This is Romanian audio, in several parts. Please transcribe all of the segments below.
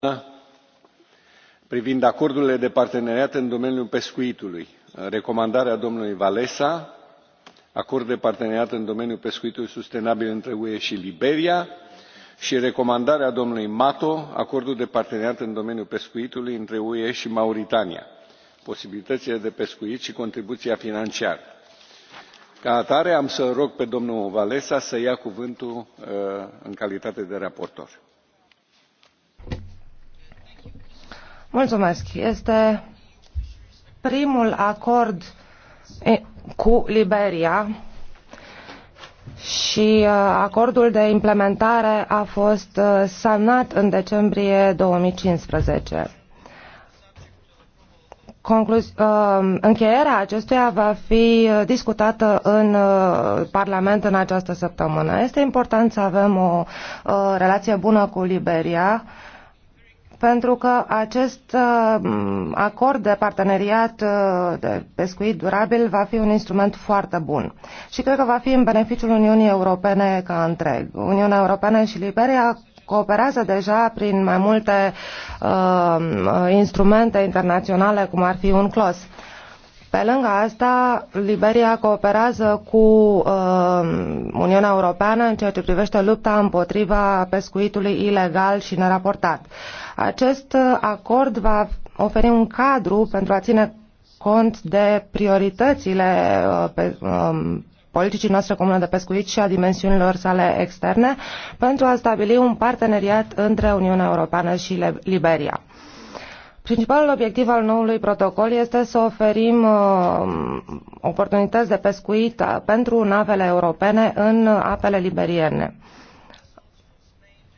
Da. privind acordurile de parteneriat în domeniul pescuitului recomandarea domnului wasa acord de parteneriat în domeniul pescuitului sustenabil între ue și liberia și recomandarea domnului mato acordul de parteneriat în domeniul pescuitului între ue și mauritania posibilitățile de pescuit și contribuția financiară. ca atare am să îl rog pe domnul wasa să ia cuvântul uh, în calitate de raportor. Mulțumesc. Este primul acord cu Liberia și uh, acordul de implementare a fost uh, semnat în decembrie 2015. Concluzi- uh, Încheierea acestuia va fi discutată în Parlament în această săptămână. Este important să avem o relație bună cu Liberia pentru că acest uh, acord de parteneriat uh, de pescuit durabil va fi un instrument foarte bun și cred că va fi în beneficiul Uniunii Europene ca întreg. Uniunea Europeană și Liberia cooperează deja prin mai multe uh, instrumente internaționale, cum ar fi un CLOS. Pe lângă asta, Liberia cooperează cu uh, Uniunea Europeană în ceea ce privește lupta împotriva pescuitului ilegal și neraportat. Uh, acest acord va oferi un cadru pentru a ține cont de prioritățile uh, pe, um, politicii noastre comune de pescuit și a dimensiunilor sale externe pentru a stabili un parteneriat între Uniunea Europeană și Liberia. Principalul obiectiv al noului protocol este să oferim uh, oportunități de pescuit uh, pentru navele europene în apele liberiene. Uh,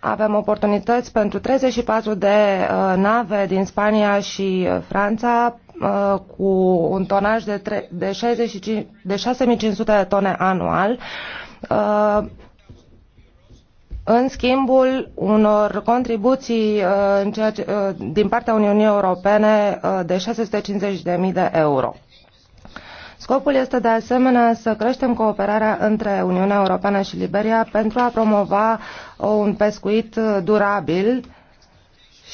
avem oportunități pentru 34 de uh, nave din Spania și uh, Franța uh, cu un tonaj de, 3, de, 65, de 6500 de tone anual în schimbul unor contribuții în ceea ce, din partea Uniunii Europene de 650.000 de euro. Scopul este de asemenea să creștem cooperarea între Uniunea Europeană și Liberia pentru a promova un pescuit uh, durabil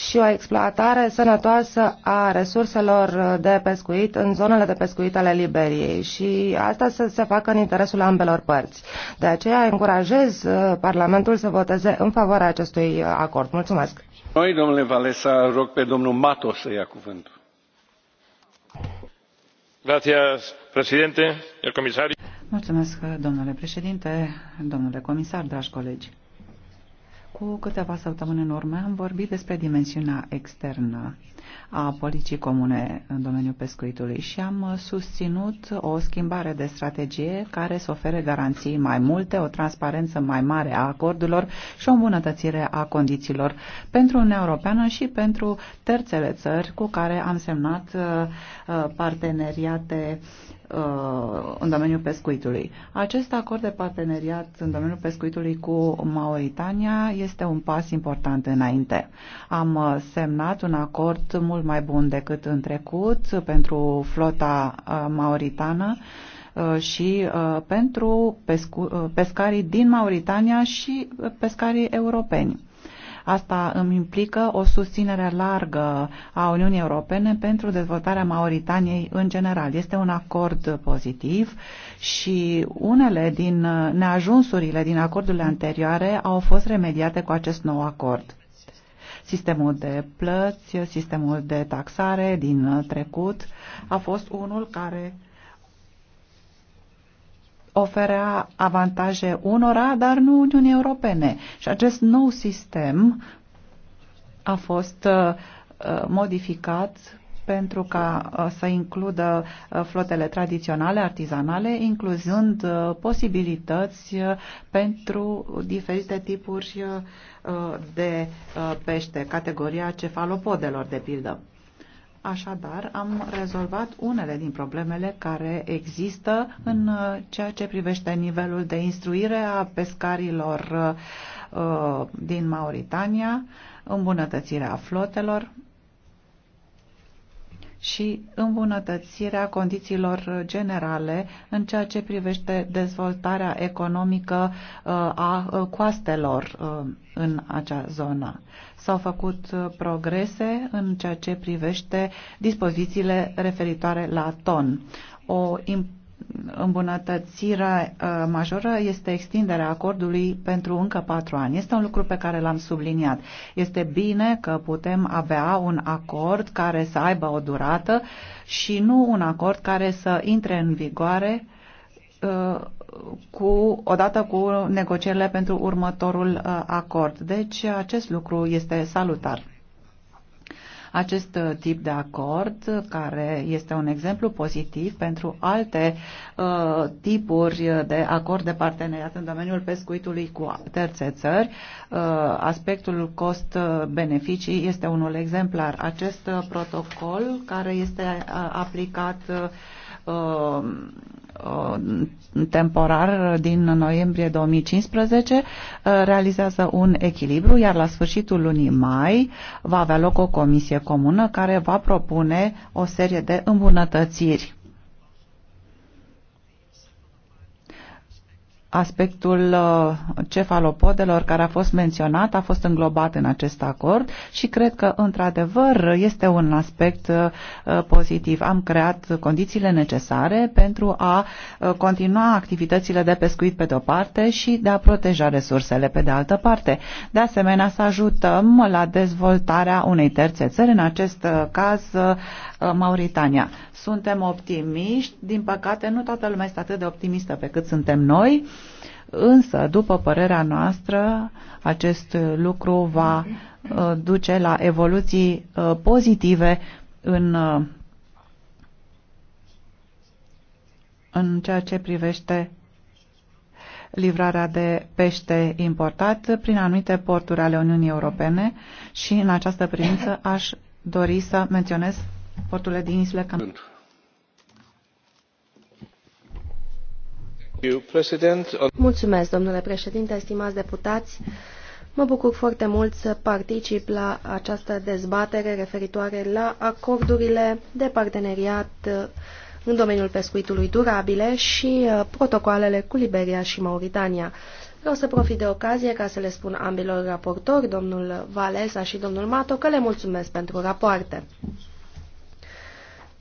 și o exploatare sănătoasă a resurselor uh, de pescuit în zonele de pescuit ale Liberiei și asta să se facă în interesul ambelor părți. De aceea încurajez uh, Parlamentul să voteze în favoarea acestui acord. Mulțumesc! Noi, domnule Valesa, rog pe domnul Mato să ia cuvântul. Gracias, președinte, comisar. Mulțumesc, domnule președinte, domnule comisar, dragi colegi cu câteva săptămâni în urmă am vorbit despre dimensiunea externă a politicii comune în domeniul pescuitului și am uh, susținut o schimbare de strategie care să ofere garanții mai multe, o transparență mai mare a acordurilor și o îmbunătățire a condițiilor pentru Uniunea Europeană și pentru terțele țări cu care am semnat uh, uh, parteneriate în domeniul pescuitului. Acest acord de parteneriat în domeniul pescuitului cu Mauritania este un pas important înainte. Am semnat un acord mult mult mai bun decât în trecut pentru flota uh, mauritană uh, și uh, pentru pescarii din Mauritania și pescarii europeni. Asta îmi implică o susținere largă a Uniunii Europene pentru dezvoltarea Mauritaniei în general. Este un acord pozitiv și unele din neajunsurile din acordurile anterioare au fost remediate cu acest nou acord. Sistemul de plăți, sistemul de taxare din trecut a fost unul care oferea avantaje unora, dar nu Uniunii Europene. Și acest nou sistem a fost uh, modificat pentru ca uh, să includă uh, flotele tradiționale, artizanale, incluzând uh, posibilități pentru diferite tipuri de pește, categoria cefalopodelor, de pildă. Așadar, am rezolvat unele din problemele care există în ceea ce privește nivelul de instruire a pescarilor din Mauritania, îmbunătățirea flotelor, și îmbunătățirea condițiilor generale în ceea ce privește dezvoltarea economică uh, a uh, coastelor uh, în acea zonă. S-au făcut progrese în ceea ce privește dispozițiile referitoare la ton. O îmbunătățirea uh, majoră este extinderea acordului pentru încă patru ani. Este un lucru pe care l-am subliniat. Este bine că putem avea un acord care să aibă o durată și nu un acord care să intre în vigoare uh, cu, odată cu negocierile pentru următorul uh, acord. Deci acest lucru este salutar. Acest uh, tip de acord, uh, care este un exemplu pozitiv pentru alte uh, tipuri uh, de acord de parteneriat în domeniul pescuitului cu terțe țări, uh, aspectul cost-beneficii este unul exemplar. Acest protocol care este aplicat uh, Uh, temporar din noiembrie 2015 uh, realizează un echilibru, iar la sfârșitul lunii mai va avea loc o comisie comună care va propune o serie de îmbunătățiri aspectul uh, cefalopodelor care a fost menționat a fost înglobat în acest acord și cred că, într-adevăr, este un aspect uh, uh, pozitiv. Am creat condițiile necesare pentru a continua activitățile de pescuit pe de-o parte și de a proteja resursele pe de altă parte. De asemenea, să ajutăm la dezvoltarea unei terțe țări, în acest caz Uh, Mauritania. Suntem optimiști, din păcate nu toată lumea este atât de optimistă pe cât suntem noi, însă, după părerea noastră, acest lucru va uh, duce la evoluții uh, pozitive în, în ceea ce privește livrarea de pește importat prin anumite porturi ale Uniunii Europene și în această privință aș dori să menționez porturile din insule Cameroon. Mulțumesc, domnule președinte, stimați deputați. Mă bucur foarte mult să particip la această dezbatere referitoare la acordurile de parteneriat uh, în domeniul pescuitului durabile și uh, protocoalele cu Liberia și Mauritania. Vreau să profit de ocazie ca să le spun ambilor raportori, domnul Valesa și domnul Mato, că le mulțumesc pentru rapoarte.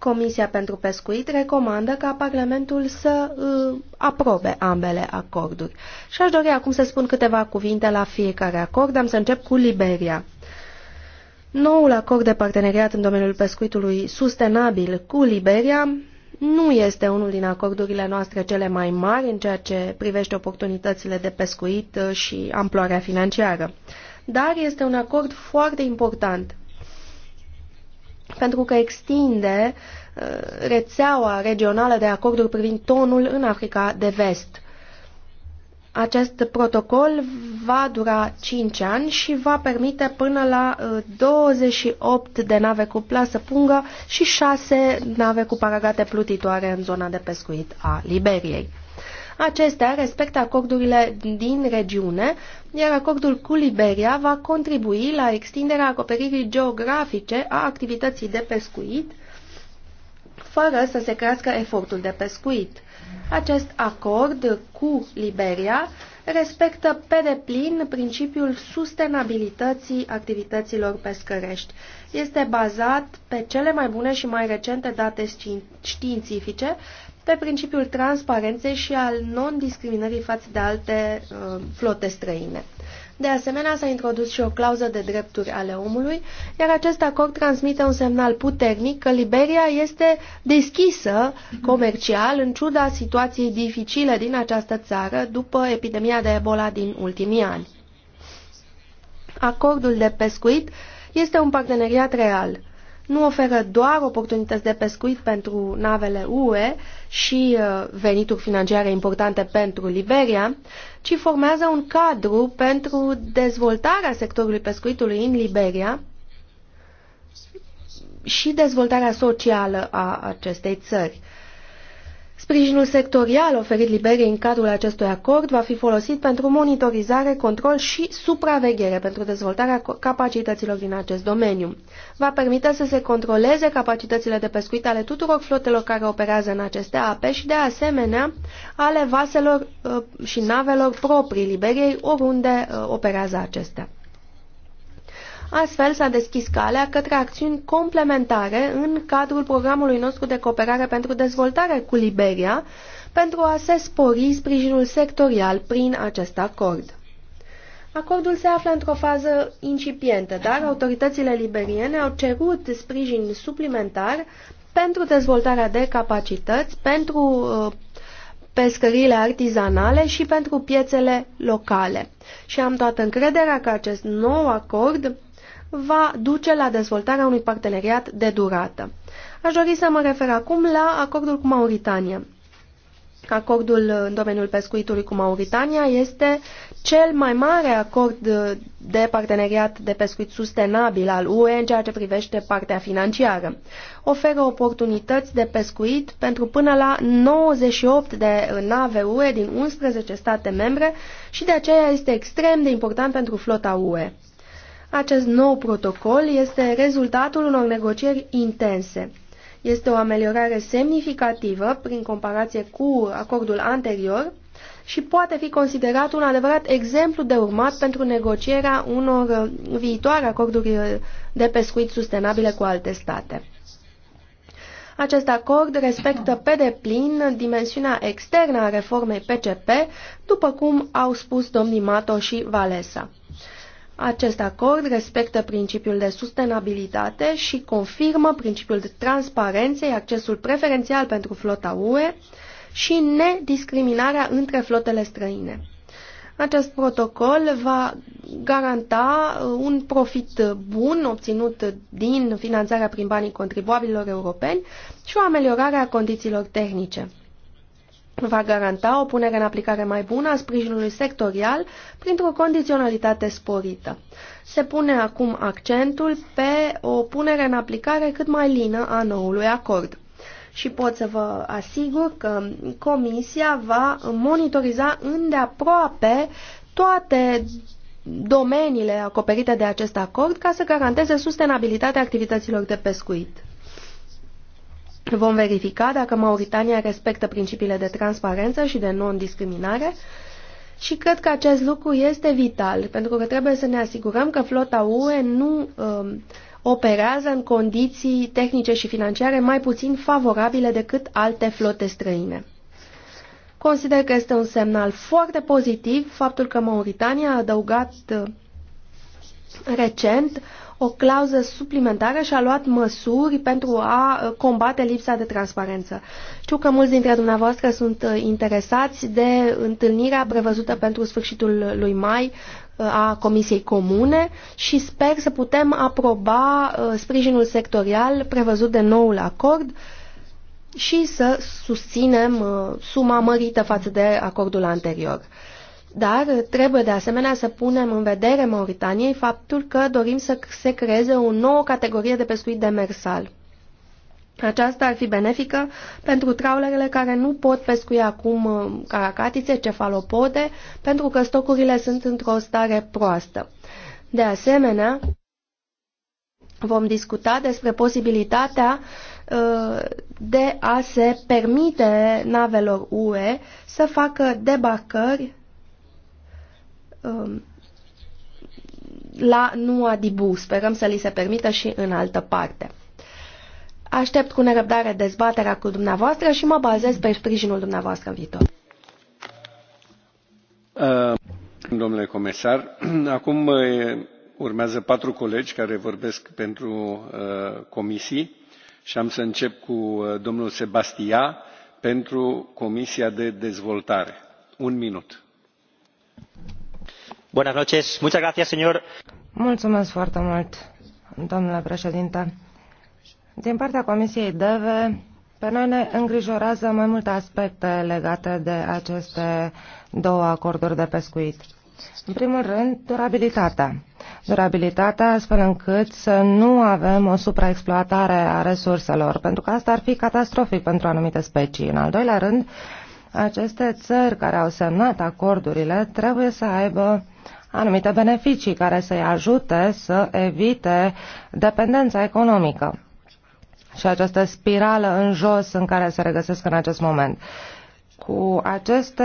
Comisia pentru Pescuit recomandă ca Parlamentul să uh, aprobe ambele acorduri. Și aș dori acum să spun câteva cuvinte la fiecare acord. Am să încep cu Liberia. Noul acord de parteneriat în domeniul pescuitului sustenabil cu Liberia nu este unul din acordurile noastre cele mai mari în ceea ce privește oportunitățile de pescuit uh, și amploarea financiară, dar este un acord foarte important pentru că extinde uh, rețeaua regională de acorduri privind tonul în Africa de Vest. Acest protocol va dura 5 ani și va permite până la 28 uh, de nave cu plasă pungă și 6 nave cu paragate plutitoare în zona de pescuit a Liberiei. Acestea respectă acordurile din regiune, iar acordul cu Liberia va contribui la extinderea acoperirii geografice a activității de pescuit, fără să se crească efortul de pescuit. Acest acord cu Liberia respectă pe deplin principiul sustenabilității activităților pescărești. Este bazat pe cele mai bune și mai recente date științifice pe principiul transparenței și al non-discriminării față de alte uh, flote străine. De asemenea, s-a introdus și o clauză de drepturi ale omului, iar acest acord transmite un semnal puternic că Liberia este deschisă comercial în ciuda situației dificile din această țară după epidemia de Ebola din ultimii ani. Acordul de pescuit este un parteneriat real nu oferă doar oportunități de pescuit pentru navele UE și uh, venituri financiare importante pentru Liberia, ci formează un cadru pentru dezvoltarea sectorului pescuitului în Liberia și dezvoltarea socială a acestei țări. Sprijinul sectorial oferit Liberiei în cadrul acestui acord va fi folosit pentru monitorizare, control și supraveghere pentru dezvoltarea capacităților din acest domeniu. Va permite să se controleze capacitățile de pescuit ale tuturor flotelor care operează în aceste ape și, de asemenea, ale vaselor uh, și navelor proprii Liberiei oriunde uh, operează acestea. Astfel s-a deschis calea către acțiuni complementare în cadrul programului nostru de cooperare pentru dezvoltare cu Liberia, pentru a se spori sprijinul sectorial prin acest acord. Acordul se află într-o fază incipientă, dar autoritățile liberiene au cerut sprijin suplimentar pentru dezvoltarea de capacități, pentru uh, pescăriile artizanale și pentru piețele locale. Și am toată încrederea că acest nou acord va duce la dezvoltarea unui parteneriat de durată. Aș dori să mă refer acum la acordul cu Mauritania. Acordul în domeniul pescuitului cu Mauritania este cel mai mare acord de parteneriat de pescuit sustenabil al UE în ceea ce privește partea financiară. Oferă oportunități de pescuit pentru până la 98 de nave UE din 11 state membre și de aceea este extrem de important pentru flota UE. Acest nou protocol este rezultatul unor negocieri intense. Este o ameliorare semnificativă prin comparație cu acordul anterior și poate fi considerat un adevărat exemplu de urmat pentru negocierea unor viitoare acorduri de pescuit sustenabile cu alte state. Acest acord respectă pe deplin dimensiunea externă a reformei PCP, după cum au spus domnii Mato și Valesa. Acest acord respectă principiul de sustenabilitate și confirmă principiul de transparență, accesul preferențial pentru flota UE și nediscriminarea între flotele străine. Acest protocol va garanta uh, un profit bun obținut din finanțarea prin banii contribuabililor europeni și o ameliorare a condițiilor tehnice va garanta o punere în aplicare mai bună a sprijinului sectorial printr-o condiționalitate sporită. Se pune acum accentul pe o punere în aplicare cât mai lină a noului acord. Și pot să vă asigur că Comisia va monitoriza îndeaproape toate domeniile acoperite de acest acord ca să garanteze sustenabilitatea activităților de pescuit. Vom verifica dacă Mauritania respectă principiile de transparență și de non-discriminare și cred că acest lucru este vital, pentru că trebuie să ne asigurăm că flota UE nu um, operează în condiții tehnice și financiare mai puțin favorabile decât alte flote străine. Consider că este un semnal foarte pozitiv faptul că Mauritania a adăugat uh, recent o clauză suplimentară și a luat măsuri pentru a uh, combate lipsa de transparență. Știu că mulți dintre dumneavoastră sunt uh, interesați de întâlnirea prevăzută pentru sfârșitul lui mai uh, a Comisiei Comune și sper să putem aproba sprijinul sectorial prevăzut de noul acord și să susținem suma mărită față de acordul anterior. Dar trebuie de asemenea să punem în vedere Mauritaniei faptul că dorim să se creeze o nouă categorie de pescuit demersal. Aceasta ar fi benefică pentru traulerele care nu pot pescui acum uh, caracatițe, cefalopode, pentru că stocurile sunt într-o stare proastă. De asemenea, vom discuta despre posibilitatea uh, de a se permite navelor UE să facă debarcări Um, la Dibu. Sperăm să li se permită și în altă parte. Aștept cu nerăbdare dezbaterea cu dumneavoastră și mă bazez pe sprijinul dumneavoastră în viitor. Uh, domnule comisar, acum uh, urmează patru colegi care vorbesc pentru uh, comisii și am să încep cu domnul Sebastia pentru Comisia de Dezvoltare. Un minut. Mulțumesc domnule președinte. Din partea Comisiei DEVE, pe noi ne îngrijorează mai multe aspecte legate de aceste două acorduri de pescuit. În primul rând, durabilitatea. Durabilitatea astfel încât să nu avem o supraexploatare a resurselor, pentru că asta ar fi catastrofic pentru anumite specii. În al doilea rând, aceste țări care au semnat acordurile trebuie să aibă anumite beneficii care să-i ajute să evite dependența economică și această spirală în jos în care se regăsesc în acest moment. Cu aceste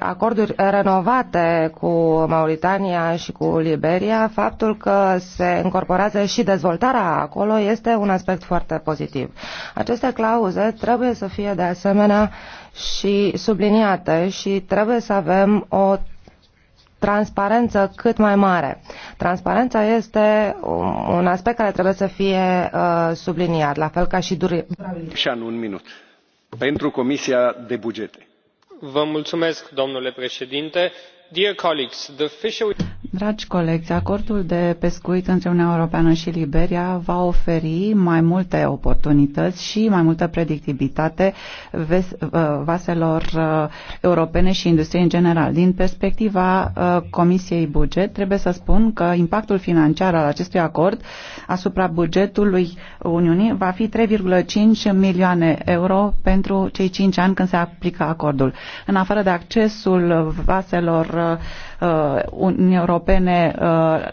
acorduri renovate cu Mauritania și cu Liberia, faptul că se încorporează și dezvoltarea acolo este un aspect foarte pozitiv. Aceste clauze trebuie să fie de asemenea și subliniate și trebuie să avem o transparență cât mai mare. Transparența este un aspect care trebuie să fie uh, subliniat, la fel ca și durabilitatea. Și un minut. Pentru Comisia de Bugete. Vă mulțumesc, domnule președinte. Dear colleagues, the fishery Dragi colegi, acordul de pescuit între Uniunea Europeană și Liberia va oferi mai multe oportunități și mai multă predictibilitate uh, vaselor uh, europene și industriei în general. Din perspectiva uh, Comisiei Buget, trebuie să spun că impactul financiar al acestui acord asupra bugetului Uniunii va fi 3,5 milioane euro pentru cei 5 ani când se aplică acordul. În afară de accesul vaselor Uh, Uniunii Europene uh,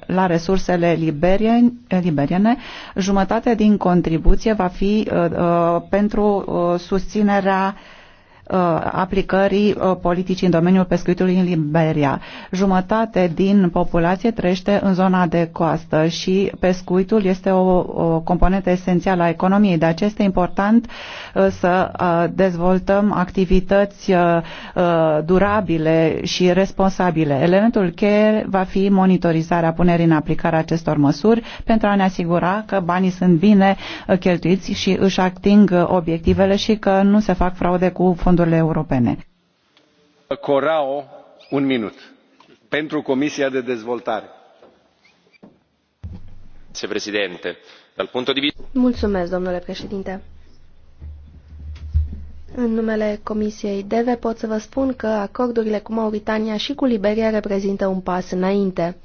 la resursele liberiene, jumătate din contribuție va fi uh, pentru susținerea Uh, aplicării uh, politicii în domeniul pescuitului în Liberia. Jumătate din populație trăiește în zona de coastă și pescuitul este o, o componentă esențială a economiei, de aceea este important uh, să dezvoltăm activități durabile și responsabile. Elementul cheie va fi monitorizarea punerii în aplicare acestor măsuri pentru a ne asigura că banii sunt bine cheltuiți și își ating obiectivele și că nu se fac fraude cu fonduri fondurile europene. Corao, un minut. Pentru Comisia de Dezvoltare. Președinte, dal punto di vista... Mulțumesc, domnule președinte. În numele Comisiei DEVE pot să vă spun că acordurile cu Mauritania și cu Liberia reprezintă un pas înainte.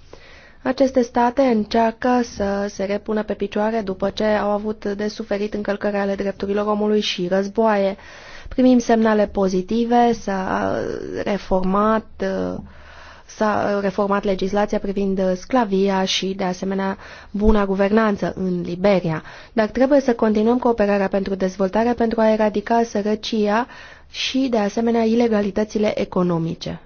Aceste state încearcă să se repună pe picioare după ce au avut de suferit încălcări ale drepturilor omului și războaie. Primim semnale pozitive, s-a reformat uh, s-a reformat legislația privind sclavia și, de asemenea, buna guvernanță în Liberia. Dar trebuie să continuăm cooperarea pentru dezvoltare pentru a eradica sărăcia și, de asemenea, ilegalitățile economice.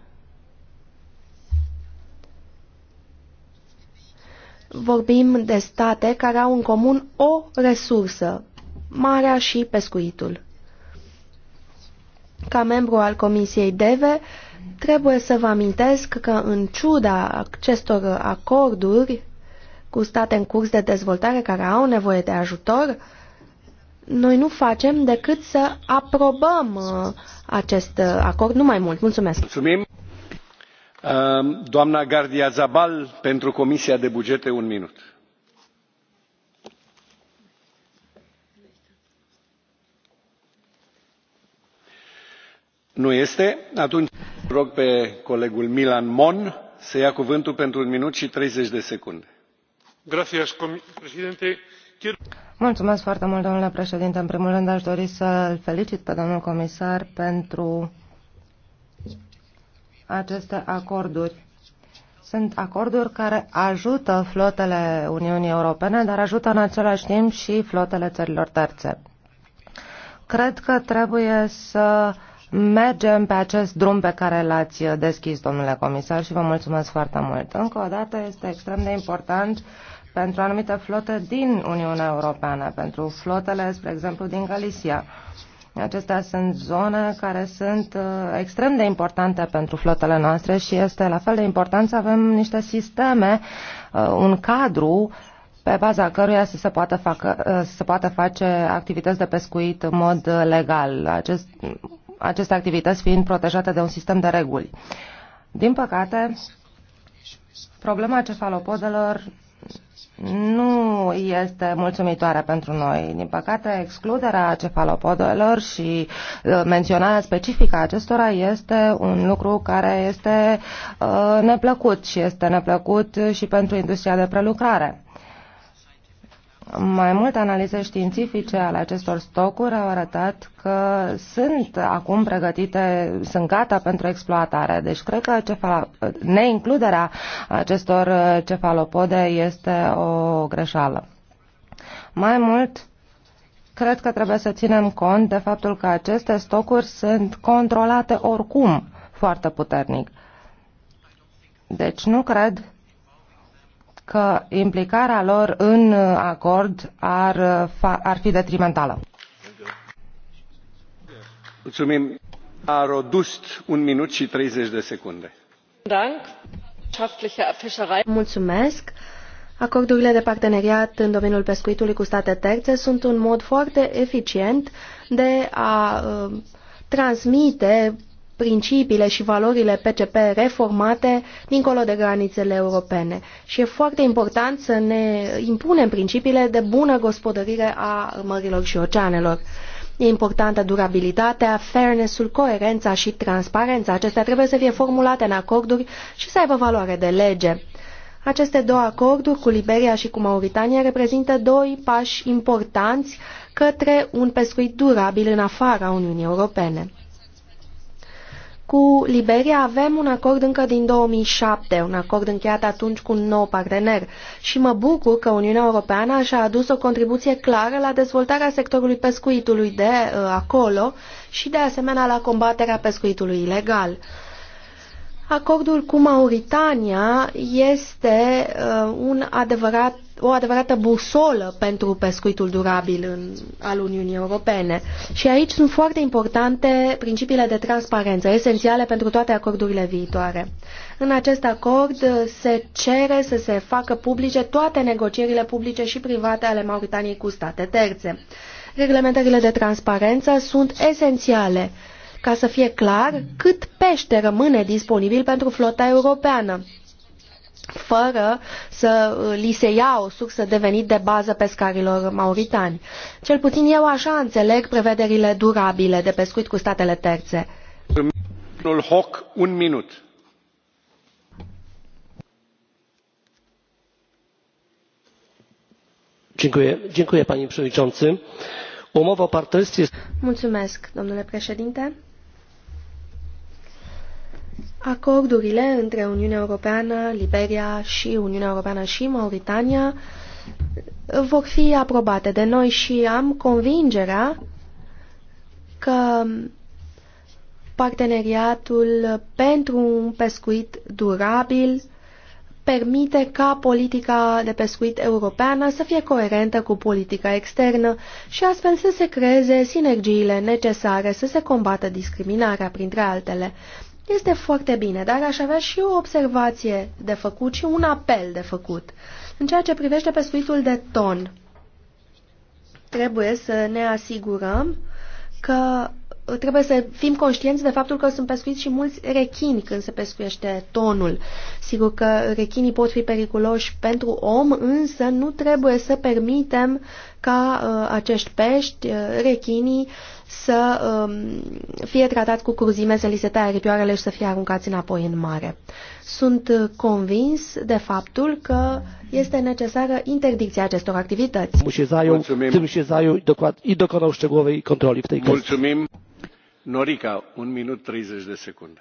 Vorbim de state care au în comun o resursă, marea și pescuitul. Ca membru al Comisiei DEVE, trebuie să vă amintesc că, în ciuda acestor acorduri cu state în curs de dezvoltare care au nevoie de ajutor, noi nu facem decât să aprobăm uh, acest uh, acord, nu mai mult. Mulțumesc! Mulțumim! Uh, doamna Gardia Zabal, pentru Comisia de Bugete, un minut. nu este atunci rog pe colegul milan mon să ia cuvântul pentru un minut și treizeci de secunde. Mulțumesc foarte mult, domnule președinte. În primul rând, aș dori să îl felicit pe domnul comisar pentru aceste acorduri. Sunt acorduri care ajută flotele Uniunii Europene, dar ajută în același timp și flotele țărilor terțe. Cred că trebuie să mergem pe acest drum pe care l-ați deschis, domnule comisar, și vă mulțumesc foarte mult. Încă o dată este extrem de important pentru anumite flote din Uniunea Europeană, pentru flotele, spre exemplu, din Galicia. Acestea sunt zone care sunt uh, extrem de importante pentru flotele noastre și este la fel de important să avem niște sisteme, uh, un cadru pe baza căruia să se poată, facă, uh, să se poată face activități de pescuit în mod legal. Acest, aceste activități fiind protejate de un sistem de reguli. Din păcate, problema cefalopodelor nu este mulțumitoare pentru noi. Din păcate, excluderea cefalopodelor și uh, menționarea specifică a acestora este un lucru care este uh, neplăcut și este neplăcut și pentru industria de prelucrare. Mai multe analize științifice ale acestor stocuri au arătat că sunt acum pregătite, sunt gata pentru exploatare. Deci cred că cefalo, neincluderea acestor cefalopode este o greșeală. Mai mult, cred că trebuie să ținem cont de faptul că aceste stocuri sunt controlate oricum foarte puternic. Deci nu cred că implicarea lor în uh, acord ar, uh, ar fi detrimentală. Mulțumim. A rodust un minut și 30 de secunde. Mulțumesc. Acordurile de parteneriat în domeniul pescuitului cu state terțe sunt un mod foarte eficient de a uh, transmite principiile și valorile PCP reformate dincolo de granițele europene. Și e foarte important să ne impunem principiile de bună gospodărire a mărilor și oceanelor. E importantă durabilitatea, fairness-ul, coerența și transparența. Acestea trebuie să fie formulate în acorduri și să aibă valoare de lege. Aceste două acorduri cu Liberia și cu Mauritania reprezintă doi pași importanți către un pescuit durabil în afara Uniunii Europene. Cu Liberia avem un acord încă din 2007, un acord încheiat atunci cu un nou partener și mă bucur că Uniunea Europeană și-a adus o contribuție clară la dezvoltarea sectorului pescuitului de uh, acolo și de asemenea la combaterea pescuitului ilegal. Uh, Acordul cu Mauritania este uh, un adevărat, o adevărată busolă pentru pescuitul durabil în, al Uniunii Europene. Și aici sunt foarte importante principiile de transparență, esențiale pentru toate acordurile viitoare. În acest acord se cere să se facă publice toate negocierile publice și private ale Mauritaniei cu state terțe. Reglementările de transparență sunt esențiale ca să fie clar cât pește rămâne disponibil pentru flota europeană fără să uh, li se ia o sursă de venit de bază pescarilor mauritani. Cel puțin eu așa înțeleg prevederile durabile de pescuit cu statele terțe. Hoc, un minut. Mulțumesc, domnule președinte Acordurile între Uniunea Europeană, Liberia și Uniunea Europeană și Mauritania vor fi aprobate de noi și am convingerea că parteneriatul pentru un pescuit durabil permite ca politica de pescuit europeană să fie coerentă cu politica externă și astfel să se creeze sinergiile necesare să se combată discriminarea, printre altele. Este foarte bine, dar aș avea și o observație de făcut și un apel de făcut. În ceea ce privește pescuitul de ton, trebuie să ne asigurăm că trebuie să fim conștienți de faptul că sunt pescuiți și mulți rechini când se pescuiește tonul. Sigur că rechinii pot fi periculoși pentru om, însă nu trebuie să permitem ca uh, acești pești, uh, rechinii, să um, fie tratat cu curzime, să li se taie aripioarele și să fie aruncați înapoi în mare. Sunt uh, convins de faptul că este necesară interdicția acestor activități. Mulțumim. Mulțumim. Norica, un minut 30 de secunde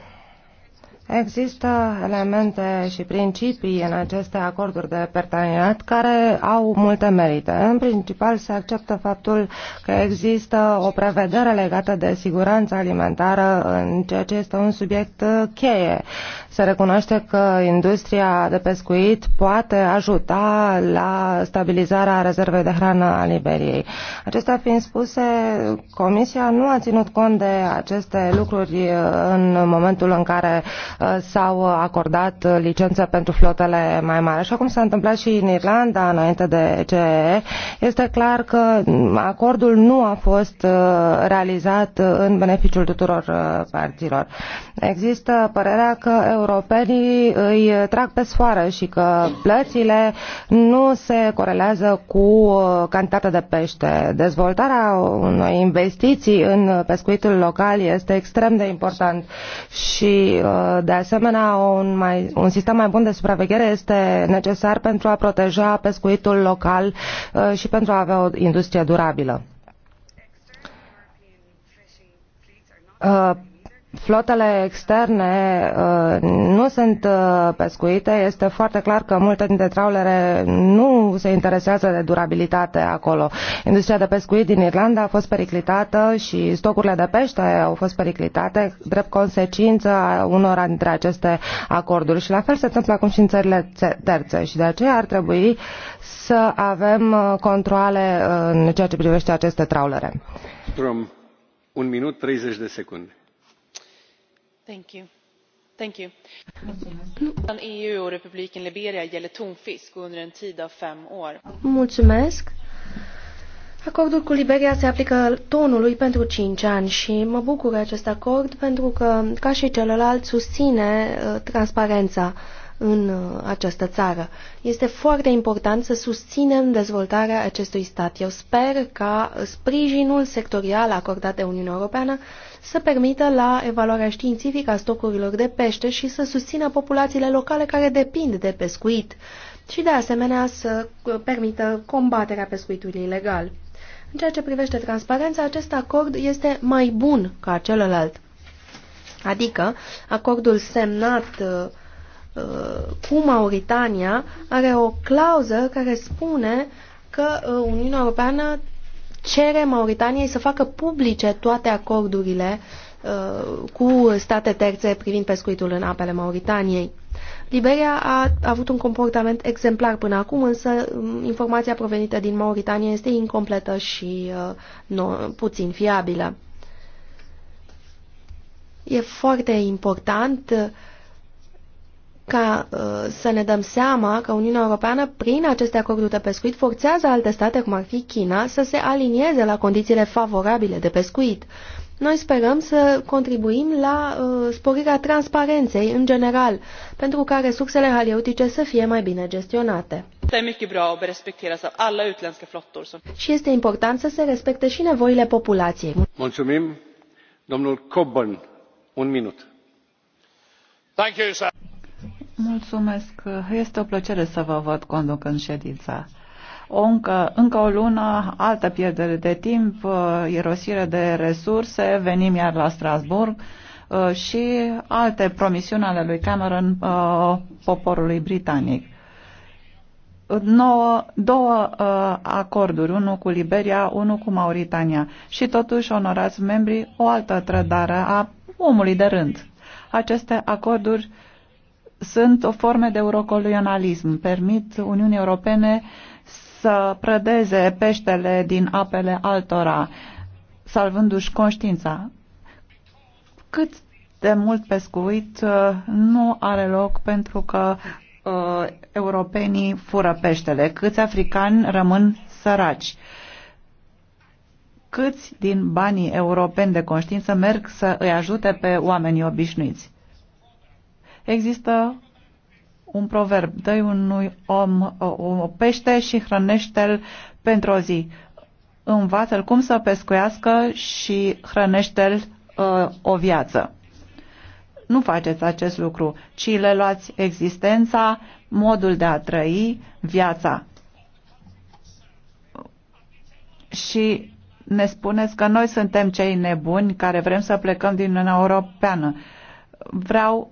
Există elemente și principii în aceste acorduri de parteneriat care au multe merite. În principal se acceptă faptul că există o prevedere legată de siguranța alimentară în ceea ce este un subiect cheie. Se recunoaște că industria de pescuit poate ajuta la stabilizarea rezervei de hrană a Liberiei. Acestea fiind spuse, Comisia nu a ținut cont de aceste lucruri în momentul în care s-au acordat licențe pentru flotele mai mari. Așa cum s-a întâmplat și în Irlanda înainte de CE, este clar că acordul nu a fost uh, realizat în beneficiul tuturor uh, parților. Există părerea că europenii îi trag pe sfoară și că plățile nu se corelează cu uh, cantitatea de pește. Dezvoltarea unei investiții în pescuitul local este extrem de important și de asemenea, un, mai, un sistem mai bun de supraveghere este necesar pentru a proteja pescuitul local uh, și pentru a avea o industrie durabilă uh, flotele externe uh, nu sunt uh, pescuite, este foarte clar că multe dintre traulere nu se interesează de durabilitate acolo. Industria de pescuit din Irlanda a fost periclitată și stocurile de pește au fost periclitate drept consecință a unora dintre aceste acorduri. Și la fel se întâmplă acum și în țările terțe și de aceea ar trebui să avem uh, controle în ceea ce privește aceste traulere. un minut 30 de secunde mellan eu liberia gäller tonfisk under en tid av fem år. Mulțumesc. Acordul cu Liberia se aplică tonului pentru 5 ani și mă bucur acest acord pentru că, ca și celălalt, susține uh, transparența în uh, această țară. Este foarte important să susținem dezvoltarea acestui stat. Eu sper ca sprijinul sectorial acordat de Uniunea Europeană să permită la evaluarea științifică a stocurilor de pește și să susțină populațiile locale care depind de pescuit și de asemenea să permită combaterea pescuitului ilegal. În ceea ce privește transparența, acest acord este mai bun ca celălalt. Adică, acordul semnat uh, uh cu Mauritania are o clauză care spune că uh, Uniunea Europeană cere Mauritaniei să facă publice toate acordurile uh, cu state terțe privind pescuitul în apele Mauritaniei. Liberia a avut un comportament exemplar până acum, însă um, informația provenită din Mauritania este incompletă și uh, nu, puțin fiabilă. E foarte important uh, ca uh, să ne dăm seama că Uniunea Europeană, prin aceste acorduri de pescuit, forțează alte state, cum ar fi China, să se alinieze la condițiile favorabile de pescuit. Noi sperăm să contribuim la uh, sporirea transparenței în general, pentru ca resursele halieutice să fie mai bine gestionate. Și este important să se respecte și nevoile populației. Mulțumim. Domnul Coburn, un minut. Thank you, sir Mulțumesc. Este o plăcere să vă văd conducând ședința. O încă, încă o lună, altă pierdere de timp, uh, irosire de resurse, venim iar la Strasburg uh, și alte promisiuni ale lui Cameron uh, poporului britanic. Nouă, două uh, acorduri, unul cu Liberia, unul cu Mauritania și totuși onorați membrii o altă trădare a omului de rând. Aceste acorduri uh, sunt o forme de eurocolonialism. Permit Uniunii Europene să prădeze peștele din apele altora, salvându-și conștiința. Cât de mult pescuit uh, nu are loc pentru că uh, europenii fură peștele, câți africani rămân săraci. Câți din banii europeni de conștiință merg să îi ajute pe oamenii obișnuiți? Există un proverb, dă unui om o pește și hrănește-l pentru o zi. Învață-l cum să pescuiască și hrănește-l uh, o viață. Nu faceți acest lucru, ci le luați existența, modul de a trăi, viața. Și ne spuneți că noi suntem cei nebuni care vrem să plecăm din Uniunea Europeană. Vreau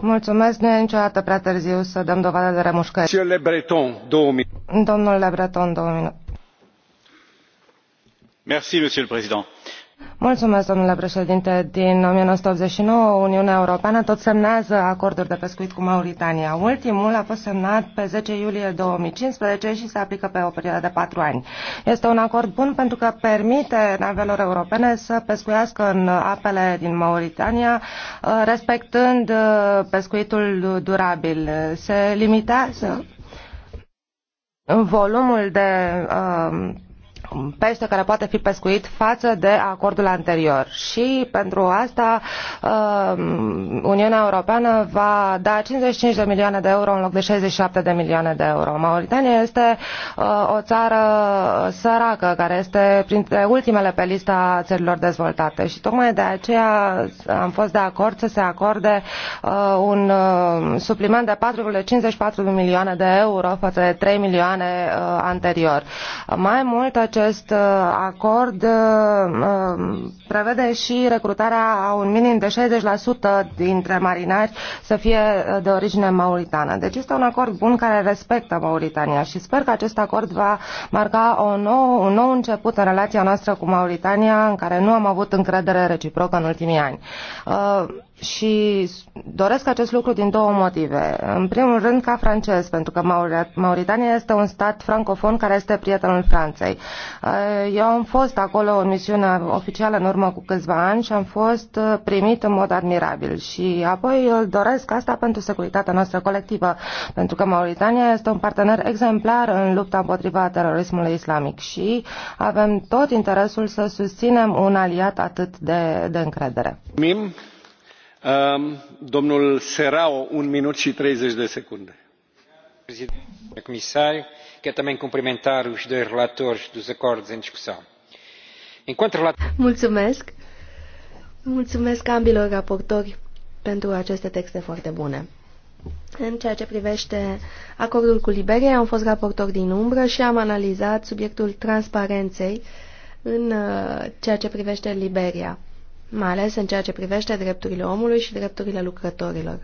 Mulțumesc, nu e niciodată prea târziu să dăm dovadă de remușcări. Domnule Breton, două minute. Domnul Le Breton, două minute. Merci, monsieur le président. Mulțumesc, domnule președinte. Din 1989, Uniunea Europeană tot semnează acorduri de pescuit cu Mauritania. Ultimul a fost semnat pe 10 iulie 2015 și se aplică pe o perioadă de 4 ani. Este un acord bun pentru că permite navelor europene să pescuiască în apele din Mauritania, uh, respectând uh, pescuitul durabil. Se limitează volumul de uh, pește care poate fi pescuit față de acordul anterior. Și pentru asta uh, Uniunea Europeană va da 55 de milioane de euro în loc de 67 de milioane de euro. Mauritania este uh, o țară săracă care este printre ultimele pe lista țărilor dezvoltate și tocmai de aceea am fost de acord să se acorde uh, un supliment de 4,54 milioane de euro față de 3 milioane anterior. Mai mult acest acest uh, acord uh, uh, prevede și recrutarea a un minim de 60% dintre marinari să fie de origine mauritană. Deci este un acord bun care respectă Mauritania și sper că acest acord va marca o nou, un nou început în relația noastră cu Mauritania, în care nu am avut încredere reciprocă în ultimii ani și doresc acest lucru din două motive. În primul rând, ca francez, pentru că Mauritania este un stat francofon care este prietenul Franței. Eh, eu am fost acolo în misiune oficială în urmă cu câțiva ani și am fost eh, primit în mod admirabil. Și apoi îl doresc asta pentru securitatea noastră colectivă, pentru că Mauritania este un partener exemplar în lupta împotriva terorismului islamic și avem tot interesul să susținem un aliat atât de, de încredere. Mim. Um, domnul presidente senhor comissário quero também cumprimentar os dois relatores dos acordos em discussão. Mulțumesc. Mulțumesc ambilor raportori pentru aceste texte foarte bune. În ceea ce privește acordul cu Liberia, am fost raportor din umbră și am analizat subiectul transparenței în uh, ceea ce privește Liberia mai ales în ceea ce privește drepturile omului și drepturile lucrătorilor.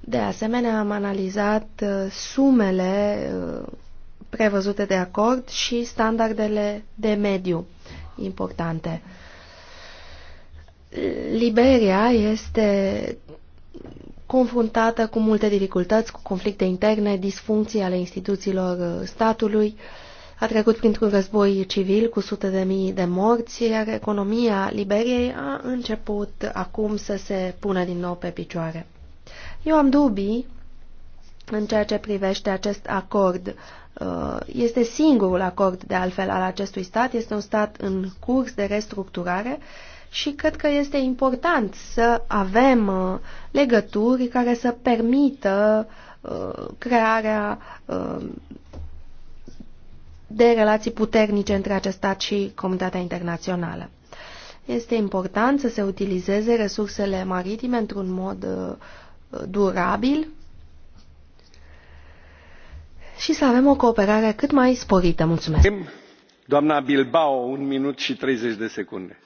De asemenea, am analizat uh, sumele uh, prevăzute de acord și standardele de mediu importante. Liberia este confruntată cu multe dificultăți, cu conflicte interne, disfuncții ale instituțiilor uh, statului a trecut printr-un război civil cu sute de mii de morți, iar economia Liberiei a început acum să se pună din nou pe picioare. Eu am dubii în ceea ce privește acest acord. Uh, este singurul acord, de altfel, al acestui stat. Este un stat în curs de restructurare și cred că este important să avem uh, legături care să permită uh, crearea de relații puternice între acest stat și comunitatea internațională. Este important să se utilizeze resursele maritime într-un mod uh, durabil și să avem o cooperare cât mai sporită. Mulțumesc! Doamna Bilbao, un minut și 30 de secunde.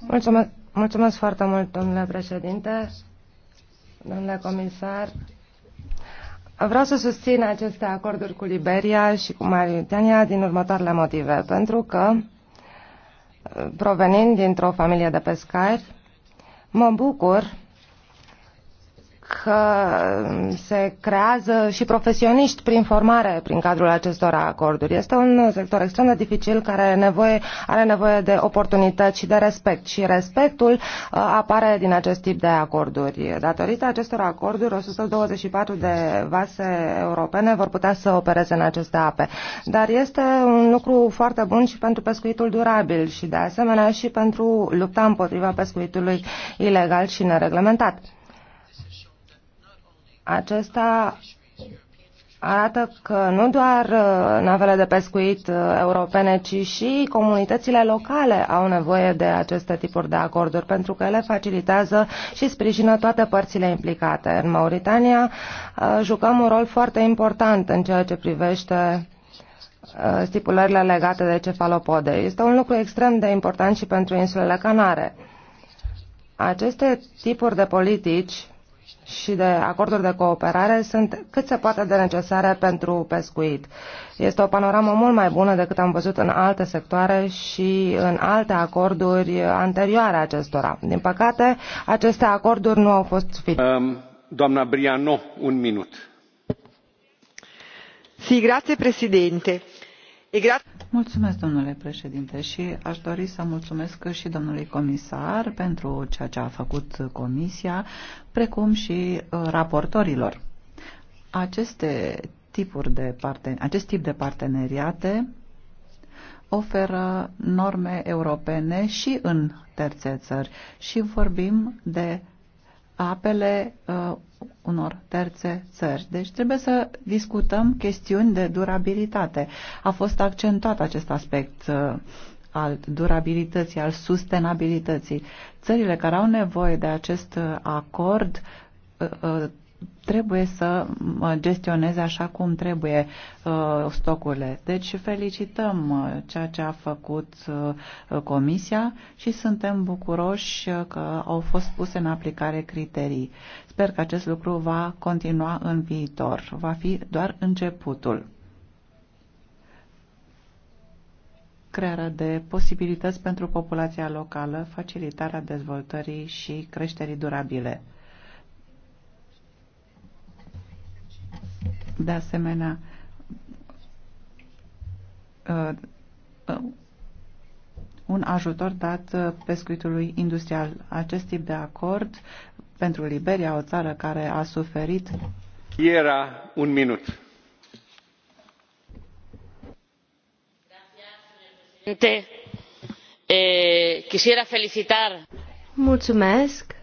Mulțumesc, mulțumesc foarte mult, domnule președinte, domnule comisar. Vreau să susțin aceste acorduri cu Liberia și cu Mauritania din următoarele motive. Pentru că, uh, provenind dintr-o familie de pescari, mă bucur că se creează și profesioniști prin formare prin cadrul acestor acorduri. Este un sector extrem de dificil care are nevoie, are nevoie de oportunități și de respect și respectul uh, apare din acest tip de acorduri. Datorită acestor acorduri, 124 de vase europene vor putea să opereze în aceste ape. Dar este un lucru foarte bun și pentru pescuitul durabil și de asemenea și pentru lupta împotriva pescuitului ilegal și nereglementat. Acesta arată că nu doar uh, navele de pescuit uh, europene, ci și comunitățile locale au nevoie de aceste tipuri de acorduri, pentru că ele facilitează și sprijină toate părțile implicate. În Mauritania uh, jucăm un rol foarte important în ceea ce privește stipulările legate de cefalopode. Este un lucru extrem de important și pentru insulele Canare. Aceste tipuri de politici și de acorduri de cooperare sunt cât se poate de necesare pentru pescuit. Este o panoramă mult mai bună decât am văzut în alte sectoare și în alte acorduri anterioare acestora. Din păcate, aceste acorduri nu au fost suficiente. Um, doamna Briano, un minut. Sì, grazie Presidente. E gra- Mulțumesc, domnule președinte, și aș dori să mulțumesc și domnului comisar pentru ceea ce a făcut comisia, precum și uh, raportorilor. Aceste tipuri de parten- acest tip de parteneriate oferă norme europene și în terțe țări și vorbim de apele uh, unor terțe țări. Deci trebuie să discutăm chestiuni de durabilitate. A fost accentuat acest aspect uh, al durabilității, al sustenabilității. Țările care au nevoie de acest uh, acord uh, trebuie să gestioneze așa cum trebuie uh, stocurile. Deci felicităm uh, ceea ce a făcut uh, Comisia și suntem bucuroși că au fost puse în aplicare criterii. Sper că acest lucru va continua în viitor. Va fi doar începutul. crearea de posibilități pentru populația locală, facilitarea dezvoltării și creșterii durabile. De asemenea, uh, uh, un ajutor dat uh, pescuitului industrial. Acest tip de acord pentru Liberia, o țară care a suferit. Era un minut. Eh, Mulțumesc.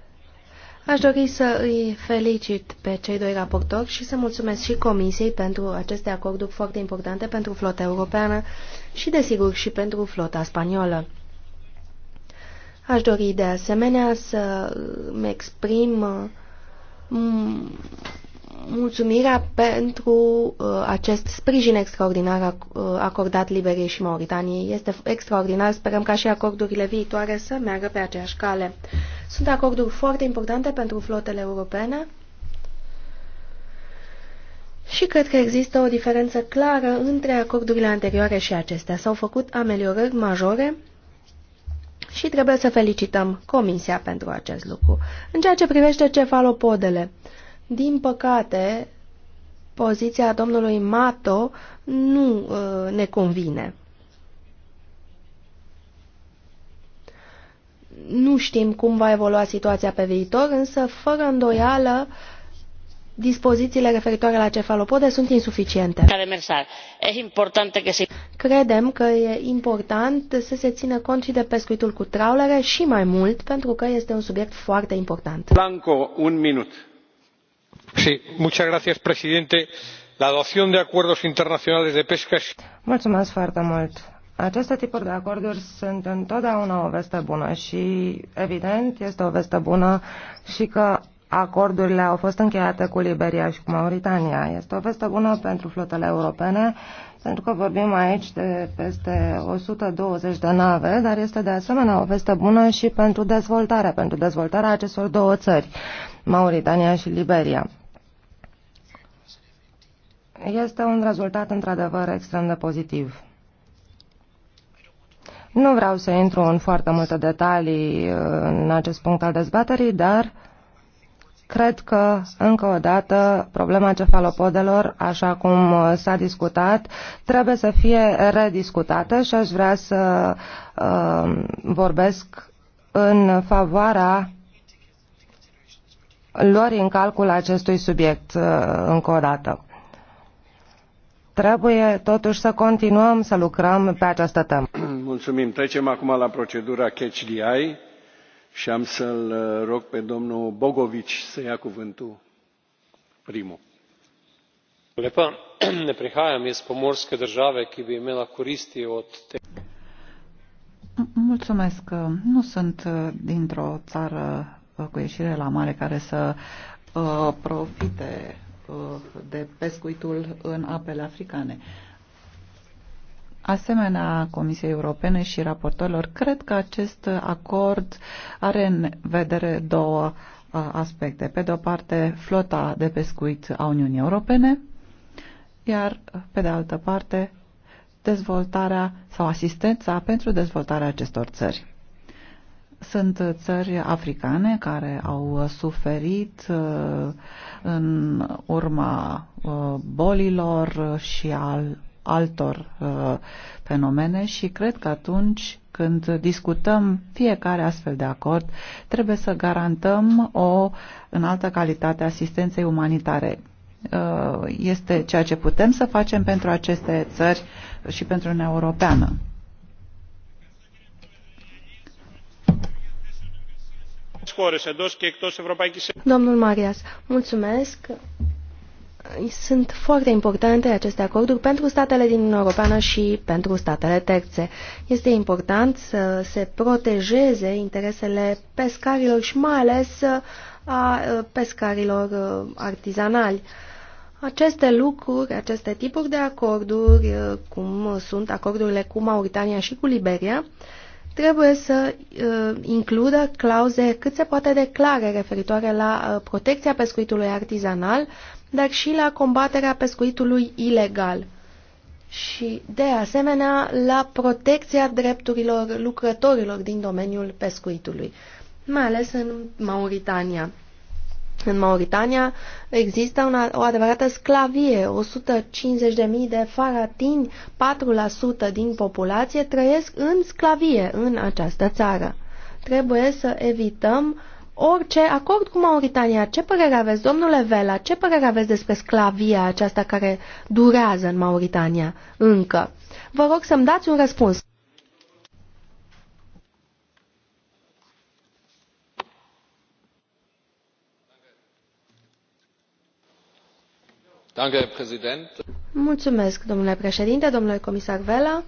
Aș dori să îi felicit pe cei doi raportori și să mulțumesc și Comisiei pentru aceste acorduri foarte importante pentru flota europeană și, desigur, și pentru flota spaniolă. Aș dori de asemenea să-mi exprim mm, mulțumirea pentru uh, acest sprijin extraordinar uh, acordat Liberiei și Mauritaniei. Este extraordinar, sperăm ca și acordurile viitoare să meargă pe aceeași cale. Sunt acorduri foarte importante pentru flotele europene și cred că există o diferență clară între acordurile anterioare și acestea. S-au făcut ameliorări majore și trebuie să felicităm Comisia pentru acest lucru. În ceea ce privește cefalopodele, uh, din păcate, poziția domnului Mato nu uh, ne convine. Nu știm cum va evolua situația pe viitor, însă, fără îndoială, dispozițiile referitoare la cefalopode sunt insuficiente. Credem că e important să se țină cont și de pescuitul cu traulere și mai mult, pentru că este un subiect foarte important. Blanco, un minut señor presidente la adopción de acuerdos internacionales de pesca. mulțumesc foarte mult. Aceste tipuri de acorduri sunt întotdeauna o veste bună și, evident, este o veste bună și că acordurile au fost încheiate cu Liberia și cu Mauritania. Este o veste bună pentru flotele europene, pentru că vorbim aici de peste 120 de nave, dar este de asemenea o veste bună și pentru dezvoltare, pentru dezvoltarea acestor două țări, Mauritania și Liberia este un rezultat într-adevăr extrem de pozitiv. Nu vreau să intru în foarte multe detalii uh, în acest punct al dezbaterii, dar cred că, încă o dată, problema cefalopodelor, așa cum uh, s-a discutat, trebuie să fie rediscutată și aș vrea să uh, vorbesc în favoarea luării în calcul acestui subiect uh, încă o dată. Trebuie totuși să continuăm să lucrăm pe această temă. Mulțumim. Trecem acum la procedura Catch the Eye și am să-l uh, rog pe domnul Bogovici să ia cuvântul primul. Lepa, ne prihajam iz pomorske države, ki bi imela koristi od te. Mulțumesc. Nu sunt uh, dintr-o țară uh, cu ieșire la mare care să profite Uh, de pescuitul în apele africane. Asemenea, Comisiei Europene și raportorilor, cred că acest acord are în vedere două uh, aspecte. Pe de o parte, flota de pescuit a Uniunii Europene, iar pe de altă parte, dezvoltarea sau asistența pentru dezvoltarea acestor țări. Sunt țări africane care au uh, suferit uh, în urma uh, bolilor și al altor fenomene și cred că atunci când discutăm fiecare astfel de acord, trebuie să garantăm o înaltă calitate asistenței umanitare. Este ceea ce putem să facem pentru aceste țări și pentru Uniunea Europeană. χώρες εντός και εκτός Ευρωπαϊκής mulțumesc. Sunt foarte importante aceste acorduri pentru statele din Uniunea Europeană și pentru statele terțe. Este important să se protejeze interesele pescarilor și mai ales a pescarilor artizanali. Aceste lucruri, aceste tipuri de acorduri, cum sunt acordurile cu Mauritania și cu Liberia, trebuie să uh, includă clauze cât se poate de clare referitoare la uh, protecția pescuitului artizanal, dar și la combaterea pescuitului ilegal și, de asemenea, la protecția drepturilor lucrătorilor din domeniul pescuitului, mai ales în Mauritania. În Mauritania există una, o adevărată sclavie. 150.000 de faratini, 4% din populație, trăiesc în sclavie în această țară. Trebuie să evităm orice acord cu Mauritania. Ce părere aveți, domnule Vela, ce părere aveți despre sclavia aceasta care durează în Mauritania încă? Vă rog să-mi dați un răspuns. Mulțumesc, domnule președinte, domnule comisar Vela.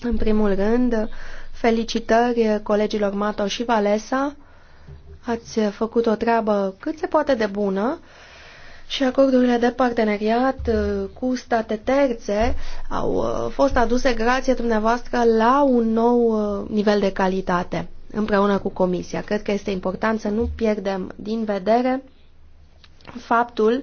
În primul rând, felicitări colegilor Mato și Valesa. Ați făcut o treabă cât se poate de bună și acordurile de parteneriat cu state terțe au uh, fost aduse grație dumneavoastră la un nou uh, nivel de calitate împreună cu Comisia. Cred că este important să nu pierdem din vedere faptul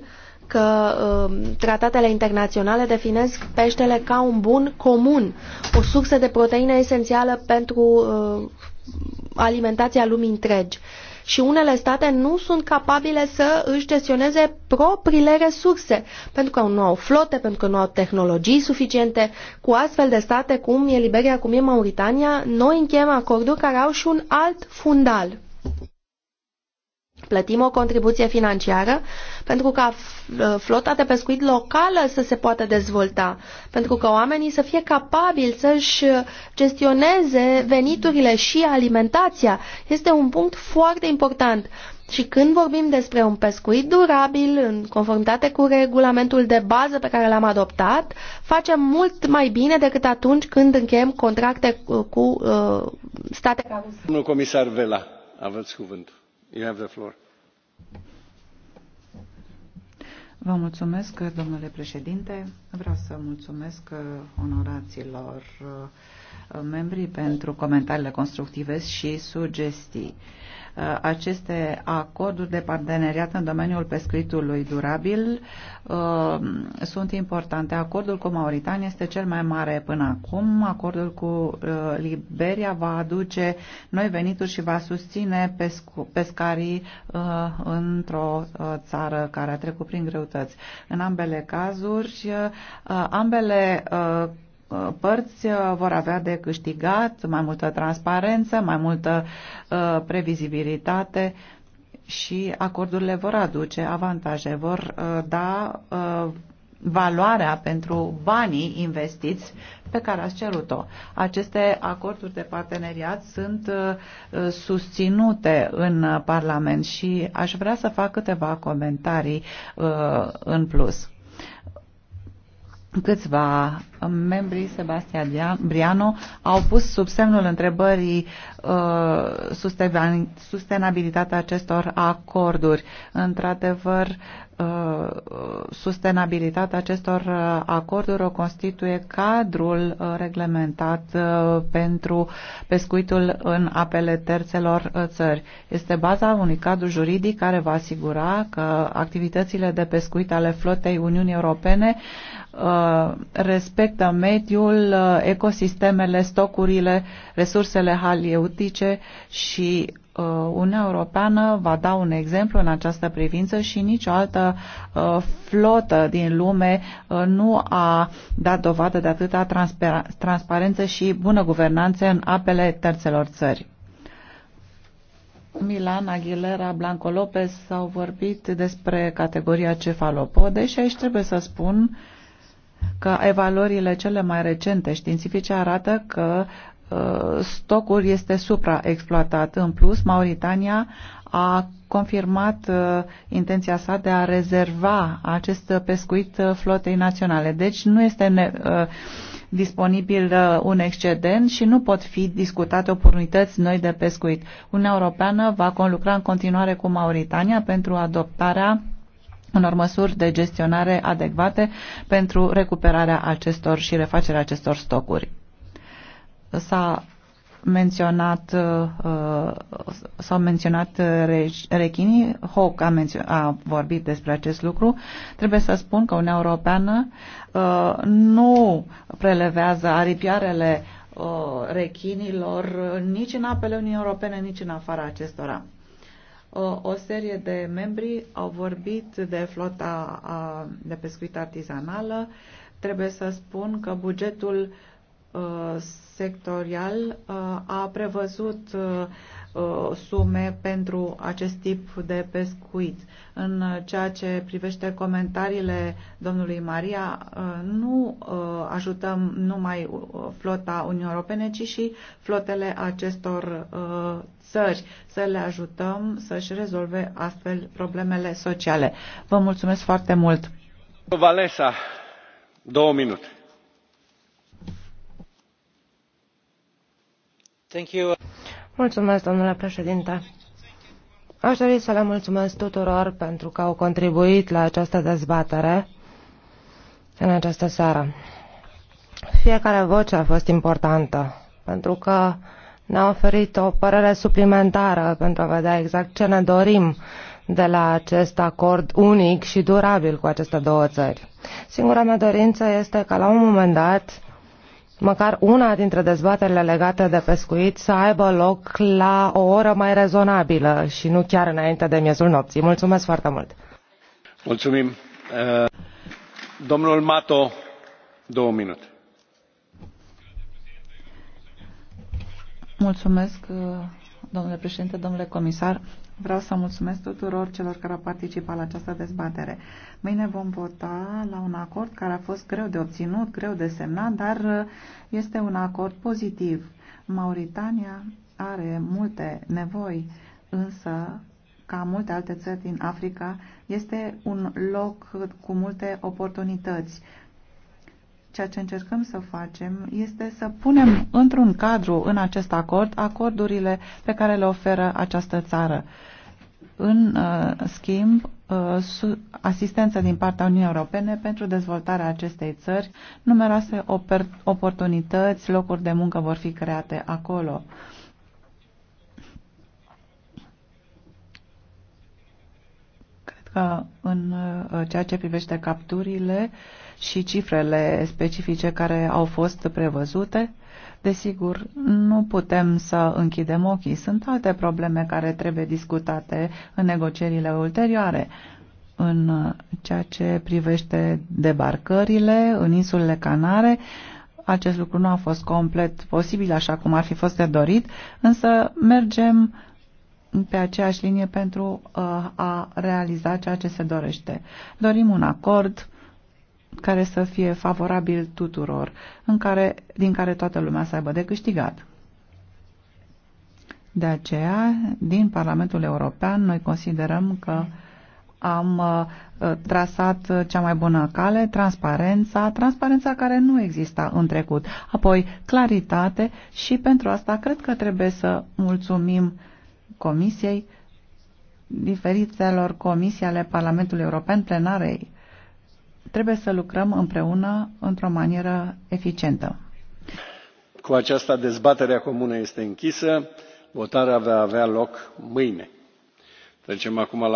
că um, tratatele internaționale definesc peștele ca un bun comun, o sursă de proteine esențială pentru uh, alimentația lumii întregi. Și unele state nu sunt capabile să își gestioneze propriile resurse, pentru că nu au flote, pentru că nu au tehnologii suficiente. Cu astfel de state, cum e Liberia, cum e Mauritania, noi încheiem acorduri care au și un alt fundal plătim o contribuție financiară pentru ca uh, flota de pescuit locală să se poată dezvolta, pentru că oamenii să fie capabili să-și uh, gestioneze veniturile și alimentația. Este un punct foarte important. Și când vorbim despre un pescuit durabil, în conformitate cu regulamentul de bază pe care l-am adoptat, facem mult mai bine decât atunci când încheiem contracte cu uh, state ca Domnul comisar Vela, aveți cuvântul. You have the floor. Vă mulțumesc, domnule președinte. Vreau să mulțumesc uh, onoraților uh, membrii pentru comentariile constructive și sugestii. Uh, aceste acorduri de parteneriat în domeniul pescuitului durabil uh, sunt importante. Acordul cu Mauritania este cel mai mare până acum. Acordul cu uh, Liberia va aduce noi venituri și va susține pescarii într-o țară care a trecut prin greutăți. În ambele cazuri, ambele Uh, părți uh, vor avea de câștigat mai multă transparență, mai multă uh, previzibilitate și acordurile vor aduce avantaje, vor da valoarea pentru banii investiți pe care ați cerut-o. Aceste acorduri de parteneriat sunt susținute în Parlament și aș vrea să fac câteva comentarii în plus câțiva membrii, Sebastian Briano, au pus sub semnul întrebării uh, sustenabilitatea acestor acorduri. Într-adevăr, uh, sustenabilitatea acestor uh, acorduri o constituie cadrul uh, reglementat uh, pentru pescuitul în apele terțelor uh, țări. Este baza unui cadru juridic care va asigura că activitățile de pescuit ale flotei Uniunii Europene uh, Uh, respectă mediul, uh, ecosistemele, stocurile, resursele halieutice și uh, Uniunea Europeană va da un exemplu în această privință și nicio altă flotă din lume nu a dat dovadă de atâta transparență și bună guvernanță în apele terțelor țări. Milan, Aguilera, Blanco Lopez s-au vorbit despre categoria cefalopode și aici trebuie să spun că evaluările cele mai recente științifice arată că uh, stocul este supraexploatat. În plus, Mauritania a confirmat uh, intenția sa de a rezerva acest pescuit uh, flotei naționale. Deci nu este disponibil un excedent și nu pot fi discutate oportunități noi de pescuit. Uniunea Europeană va conlucra în continuare cu Mauritania pentru adoptarea unor măsuri de gestionare adecvate pentru recuperarea acestor și refacerea acestor stocuri. S-a menționat uh, s-au menționat rechinii, Hawk a, a vorbit despre acest lucru. Trebuie să spun că Uniunea Europeană uh, nu prelevează aripioarele uh, rechinilor nici în apele Uniunii Europene, nici în afara acestora o serie de membri au vorbit de flota de pescuit artizanală. Trebuie să spun că bugetul uh, sectorial uh, a prevăzut uh, Uh, sume pentru acest tip de pescuit. În ceea ce privește comentariile domnului Maria, uh, nu uh, ajutăm numai flota Uniunii Europene, ci și flotele acestor țări să le ajutăm să-și rezolve astfel problemele sociale. Vă mulțumesc foarte mult! Valesa, două minute. Thank you. Mulțumesc, domnule președinte. Aș dori să le mulțumesc tuturor pentru că au contribuit la această dezbatere în această seară. Fiecare voce a fost importantă, pentru că ne-a oferit o părere suplimentară pentru a vedea exact ce ne dorim de la acest acord unic și durabil cu aceste două țări. Singura mea dorință este ca la un moment dat măcar una dintre dezbaterile legate de pescuit să aibă loc la o oră mai rezonabilă și nu chiar înainte de miezul nopții. Mulțumesc foarte mult! Mulțumim! Uh, domnul Mato, două minute. Mulțumesc, uh, domnule președinte, domnule comisar. Vreau să mulțumesc tuturor celor care au participat la această dezbatere. Mâine vom vota la un acord care a fost greu de obținut, greu de semnat, dar este un acord pozitiv. Mauritania are multe nevoi, însă ca multe alte țări din Africa, este un loc cu multe oportunități Ceea ce încercăm să facem este să punem într-un cadru în acest acord acordurile pe care le oferă această țară. În uh, schimb, uh, asistență din partea Uniunii Europene pentru dezvoltarea acestei țări, numeroase oportunități, locuri de muncă vor fi create acolo. că în uh, ceea ce privește capturile și cifrele specifice care au fost prevăzute, desigur, nu putem să închidem ochii. Sunt alte probleme care trebuie discutate în negocierile ulterioare în uh, ceea ce privește debarcările în insulele Canare. Acest lucru nu a fost complet posibil așa cum ar fi fost de dorit, însă mergem pe aceeași linie pentru uh, a realiza ceea ce se dorește. Dorim un acord care să fie favorabil tuturor, în care, din care toată lumea să aibă de câștigat. De aceea, din Parlamentul European, noi considerăm că am uh, trasat cea mai bună cale, transparența, transparența care nu exista în trecut, apoi claritate și pentru asta cred că trebuie să mulțumim uh, Comisiei, diferitelor comisii ale Parlamentului European, plenarei. Trebuie să lucrăm împreună într-o manieră eficientă. Cu aceasta dezbaterea comună este închisă. Votarea va avea loc mâine. Trecem acum la